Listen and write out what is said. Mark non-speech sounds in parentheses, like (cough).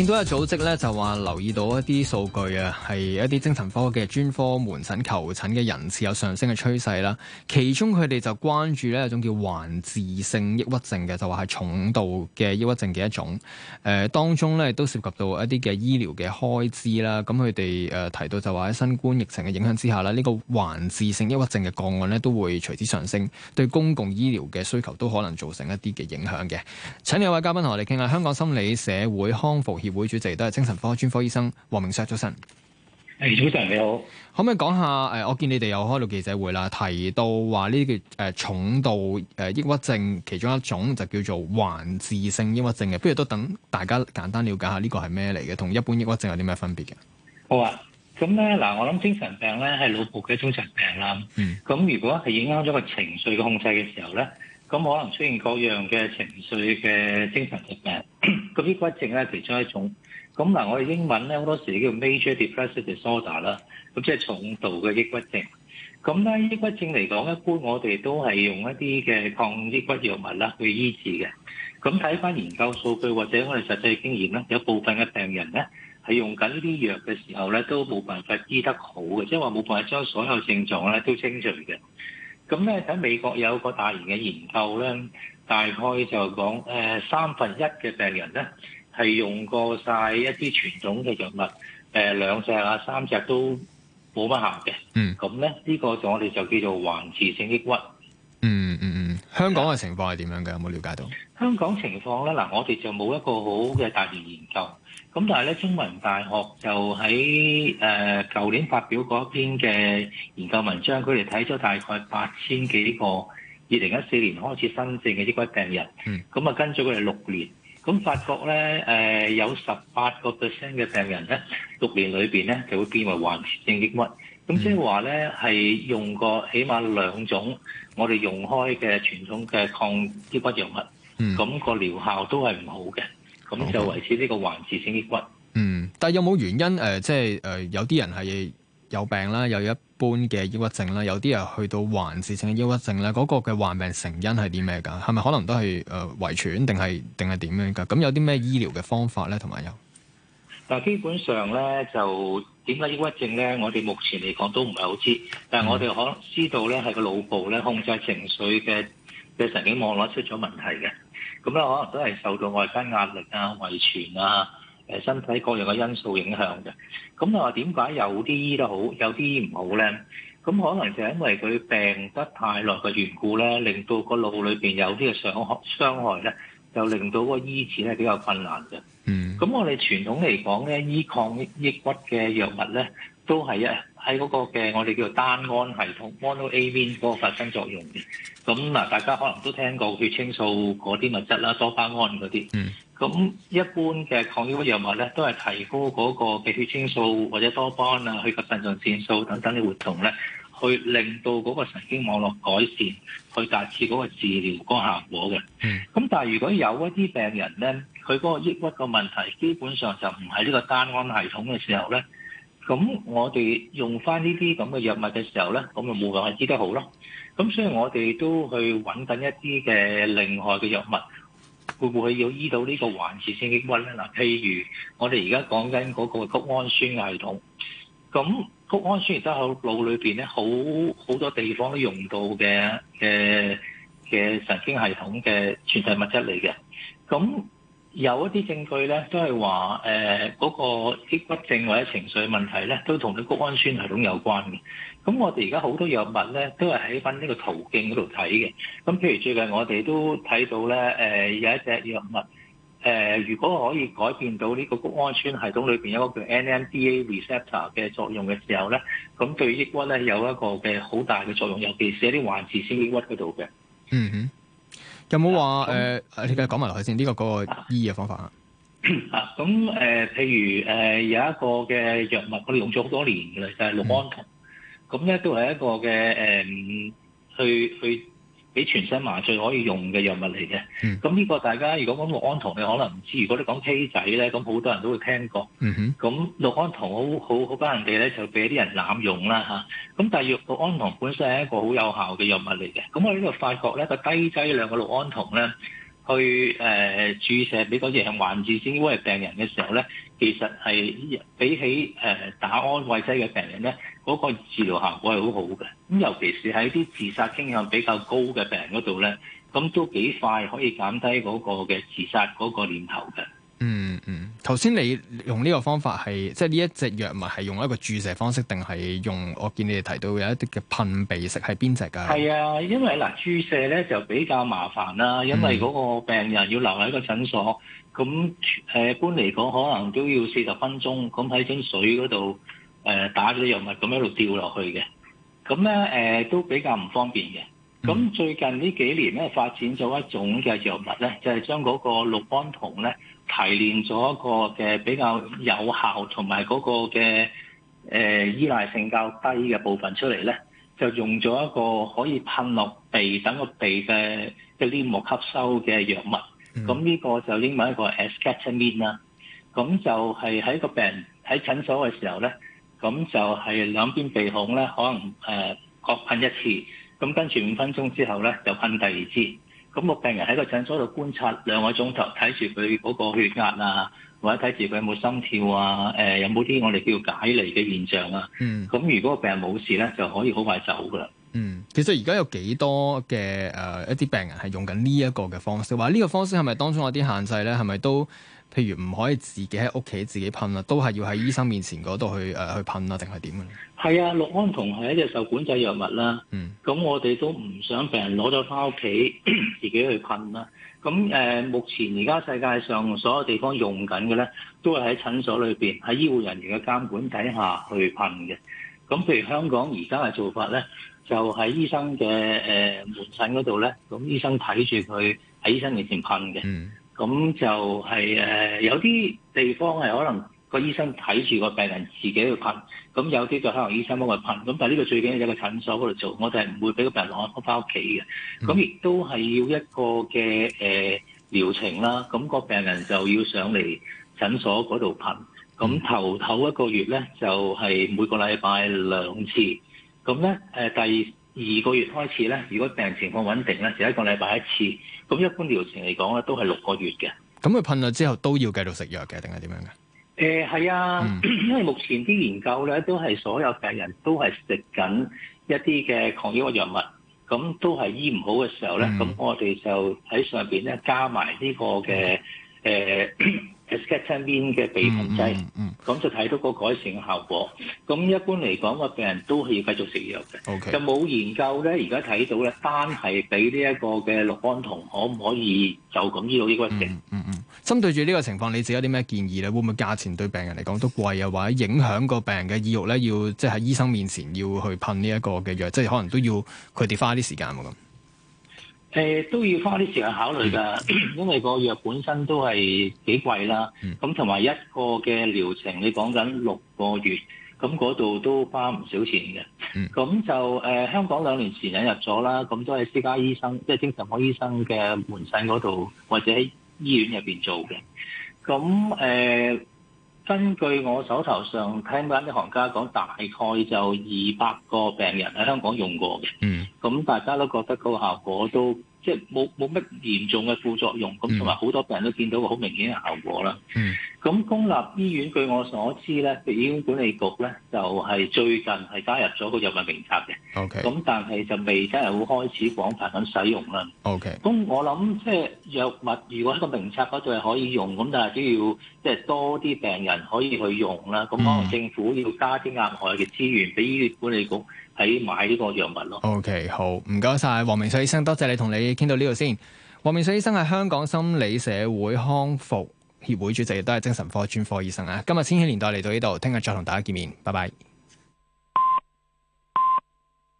見到有組織咧就話留意到一啲數據啊，係一啲精神科嘅專科門診求診嘅人士有上升嘅趨勢啦。其中佢哋就關注呢一種叫環治性抑鬱症嘅，就話係重度嘅抑鬱症嘅一種。誒，當中咧亦都涉及到一啲嘅醫療嘅開支啦。咁佢哋誒提到就話喺新冠疫情嘅影響之下啦，呢、呢個頑治性抑鬱症嘅個案咧都會隨之上升，對公共醫療嘅需求都可能造成一啲嘅影響嘅。請兩位嘉賓同我哋傾下香港心理社會康復協。協會主席都係精神科專科醫生王明爍早晨。誒，主席你好，可唔可以講下？誒，我見你哋有開到記者會啦，提到話呢啲誒重度誒抑鬱症其中一種就叫做頑治性抑鬱症嘅，不如都等大家簡單了解下呢個係咩嚟嘅，同一般抑鬱症有啲咩分別嘅？好啊，咁咧嗱，我諗精神病咧係腦部嘅一種疾病啦。嗯，咁如果係影響咗個情緒嘅控制嘅時候咧，咁可能出現各樣嘅情緒嘅精神疾病。 (coughs) 個抑鬱症咧其中一種，咁嗱我哋英文咧好多時叫 Major Depressive Disorder 啦，咁即係重度嘅抑鬱症。咁咧抑鬱症嚟講，一般我哋都係用一啲嘅抗抑鬱藥物啦去醫治嘅。咁睇翻研究數據或者我哋實際經驗呢，有部分嘅病人咧係用緊呢啲藥嘅時候咧都冇辦法醫得好嘅，即係話冇辦法將所有症狀咧都清除嘅。咁咧喺美國有個大型嘅研究咧。大概就講誒、呃、三分一嘅病人咧，係用過晒一啲傳統嘅藥物，誒兩隻啊三隻都冇乜效嘅。嗯，咁咧呢、這個我哋就叫做頑治性抑鬱。嗯嗯嗯，香港嘅情況係點樣嘅？啊、有冇了解到？香港情況咧嗱，我哋就冇一個好嘅大型研究。咁但係咧，中文大學就喺誒舊年發表嗰篇嘅研究文章，佢哋睇咗大概八千幾個。二零一四年開始新症嘅抑鬱病人，咁、嗯、啊跟咗佢哋六年，咁發覺咧，誒有十八個 percent 嘅病人咧，六年裏邊咧就會變為頑治性抑鬱，咁、嗯、即係話咧係用過起碼兩種我哋用開嘅傳統嘅抗抑鬱藥物，咁、嗯、個療效都係唔好嘅，咁、嗯、就維持呢個頑治性抑鬱。嗯，但係有冇原因誒、呃？即係誒、呃、有啲人係。有病啦，有一般嘅抑鬱症啦，有啲人去到頑治性嘅抑鬱症咧，嗰、那個嘅患病成因係啲咩噶？係咪可能都係誒、呃、遺傳定係定係點樣噶？咁有啲咩醫療嘅方法咧？同埋有，嗱基本上咧就點解抑鬱症咧？我哋目前嚟講都唔係好知，但係我哋可知道咧係個腦部咧控制情緒嘅嘅神經網絡出咗問題嘅，咁咧可能都係受到外間壓力啊、遺傳啊。誒身體各樣嘅因素影響嘅，咁啊點解有啲醫得好，有啲醫唔好咧？咁可能就係因為佢病得太耐嘅緣故咧，令到個腦裏邊有啲嘅傷害，傷害咧就令到嗰個醫治咧比較困難嘅。嗯，咁我哋傳統嚟講咧，醫抗抑鬱嘅藥物咧，都係一喺嗰個嘅我哋叫做單胺系統 monoamine 嗰個發生作用嘅。咁嗱，大家可能都聽過血清素嗰啲物質啦，多巴胺嗰啲。嗯、mm.。咁一般嘅抗抑鬱藥物咧，都係提高嗰個嘅血清素或者多巴胺啊、去及腎上腺素等等嘅活動咧，去令到嗰個神經網絡改善，去達至嗰個治療嗰個效果嘅。咁、嗯、但係如果有一啲病人咧，佢嗰個抑鬱個問題基本上就唔係呢個單胺系統嘅時候咧，咁我哋用翻呢啲咁嘅藥物嘅時候咧，咁就冇辦法醫得好咯。咁所以我哋都去揾緊一啲嘅另外嘅藥物。會唔會要醫到呢個環節性抑鬱咧？嗱，譬如我哋而家講緊嗰個谷氨酸系統，咁谷氨酸亦都喺腦裏邊咧，好好多地方都用到嘅嘅嘅神經系統嘅傳遞物質嚟嘅，咁。有一啲證據咧，都係話誒嗰個抑鬱症或者情緒問題咧，都同啲谷氨酸系統有關嘅。咁我哋而家好多藥物咧，都係喺返呢個途徑嗰度睇嘅。咁譬如最近我哋都睇到咧，誒、呃、有一隻藥物，誒、呃、如果可以改變到呢個谷氨酸系統裏邊有一個叫 NMDA receptor 嘅作用嘅時候咧，咁對抑鬱咧有一個嘅好大嘅作用，尤其是啲頑治性抑鬱嗰度嘅。嗯哼。有冇話誒？你繼續講埋落去先。呢、這個嗰、那個醫嘅方法啊，咁誒、呃，譬如誒、呃、有一個嘅藥物，我哋用咗好多年嘅，就係氯胺酮。咁咧都係一個嘅誒、呃，去去。俾全身麻醉可以用嘅藥物嚟嘅，咁、嗯、呢、這個大家如果講氯胺酮，你可能唔知；如果你講 K 仔咧，咁好多人都會聽過。咁、嗯、氯胺酮好好好，俾人哋咧就俾啲人濫用啦嚇。咁、啊、但係氯胺酮本身係一個好有效嘅藥物嚟嘅。咁我呢度發覺咧，個低劑量嘅氯胺酮咧。去誒、呃、注射個，你嗰陣係患頑治性抑鬱症病人嘅時候咧，其實係比起誒、呃、打安慰劑嘅病人咧，嗰、那個治療效果係好好嘅。咁尤其是喺啲自殺傾向比較高嘅病人嗰度咧，咁都幾快可以減低嗰個嘅自殺嗰個念頭嘅。嗯嗯。頭先你用呢個方法係即係呢一隻藥物係用一個注射方式定係用？我見你哋提到有一啲嘅噴鼻式係邊隻㗎？係啊，因為嗱注射咧就比較麻煩啦，因為嗰個病人要留喺個診所，咁誒一般嚟講可能都要四十分鐘，咁喺樽水嗰度誒打咗啲藥物，咁一度掉落去嘅，咁咧誒都比較唔方便嘅。咁、嗯、最近呢幾年咧，發展咗一種嘅藥物咧，就係、是、將嗰個氯胺酮咧，提煉咗一個嘅比較有效同埋嗰個嘅、呃、依賴性較低嘅部分出嚟咧，就用咗一個可以噴落鼻等個鼻嘅嘅黏膜吸收嘅藥物。咁、嗯、呢個就英文一個 Esketamine 啦。咁就係喺個病人喺診所嘅時候咧，咁就係兩邊鼻孔咧，可能誒、呃、各噴一次。咁跟住五分鐘之後咧，就噴第二支。咁、嗰個病人喺個診所度觀察兩個鐘頭，睇住佢嗰個血壓啊，或者睇住佢有冇心跳啊，呃、有冇啲我哋叫解離嘅現象啊。嗯。咁如果個病人冇事咧，就可以好快走噶啦。嗯，其實而家有幾多嘅誒、呃、一啲病人係用緊呢一個嘅方式，話呢個方式係咪當中有啲限制咧？係咪都譬如唔可以自己喺屋企自己噴啦，都係要喺醫生面前嗰度去誒、呃、去噴啊，定係點嘅咧？係啊，氯胺酮係一隻受管制藥物啦。嗯，咁我哋都唔想病人攞咗返屋企自己去噴啦。咁誒、呃，目前而家世界上所有地方用緊嘅咧，都係喺診所裏邊喺醫護人員嘅監管底下去噴嘅。咁譬如香港而家嘅做法咧，就喺醫生嘅誒、呃、門診嗰度咧，咁醫生睇住佢喺醫生面前噴嘅，咁、嗯、就係、是、誒、呃、有啲地方係可能個醫生睇住個病人自己去噴，咁有啲就可能醫生幫佢噴。咁但呢個最緊要有個診所嗰度做，我哋係唔會俾個病人攞翻屋企嘅。咁亦都係要一個嘅誒、呃、療程啦，咁、那個病人就要上嚟診所嗰度噴。咁、嗯、頭頭一個月咧，就係、是、每個禮拜兩次。咁咧、呃，第二個月開始咧，如果病情況穩定咧，就一個禮拜一次。咁一般療程嚟講咧，都係六個月嘅。咁、嗯、佢噴咗之後都要繼續食藥嘅，定係點樣嘅？誒、呃、係啊、嗯，因為目前啲研究咧，都係所有病人都係食緊一啲嘅抗抑鬱藥物。咁都係醫唔好嘅時候咧，咁、嗯、我哋就喺上邊咧加埋呢個嘅誒。嗯呃 Esketamine 嘅鼻噴劑，咁、嗯嗯嗯、就睇到個改善嘅效果。咁一般嚟講，個病人都係要繼續食藥嘅。Okay. 就冇研究咧，而家睇到咧，單係俾呢一個嘅氯胺酮，可唔可以就咁醫到呢個症？嗯嗯，嗯，針對住呢個情況，你自己有啲咩建議咧？會唔會價錢對病人嚟講都貴又、啊、或者影響個病人嘅意欲咧？要即係喺醫生面前要去噴呢一個嘅藥，即係可能都要佢哋花啲時間咁、啊。誒、呃、都要花啲時間考慮㗎、嗯，因為個藥本身都係幾貴啦，咁同埋一個嘅療程，你講緊六個月，咁嗰度都花唔少錢嘅。咁、嗯、就誒、呃、香港兩年前引入咗啦，咁都係私家醫生，即、就、係、係、精神科醫生嘅門診嗰度，或者喺醫院入邊做嘅。咁誒。呃根據我手頭上聽緊啲行家講，大概就二百個病人喺香港用過嘅，咁大家都覺得個效果都，即係冇冇乜嚴重嘅副作用，咁同埋好多病人都見到個好明顯嘅效果啦。咁、嗯、公立醫院據我所知咧，醫院管理局咧就係最近係加入咗個藥物名冊嘅。咁、okay, 但係就未真係會開始廣泛咁使用啦。咁、okay, 我諗即係藥物，如果喺個名冊嗰度係可以用，咁但係都要即係多啲病人可以去用啦。咁、嗯、可能政府要加啲額外嘅資源俾醫院管理局喺買呢個藥物咯。OK，好，唔該晒，王明爍醫生，多謝你同你。你傾到呢度先。王明爍醫生係香港心理社會康復協會主席，亦都係精神科專科醫生啊。今日千禧年代嚟到呢度，聽日再同大家見面。拜拜。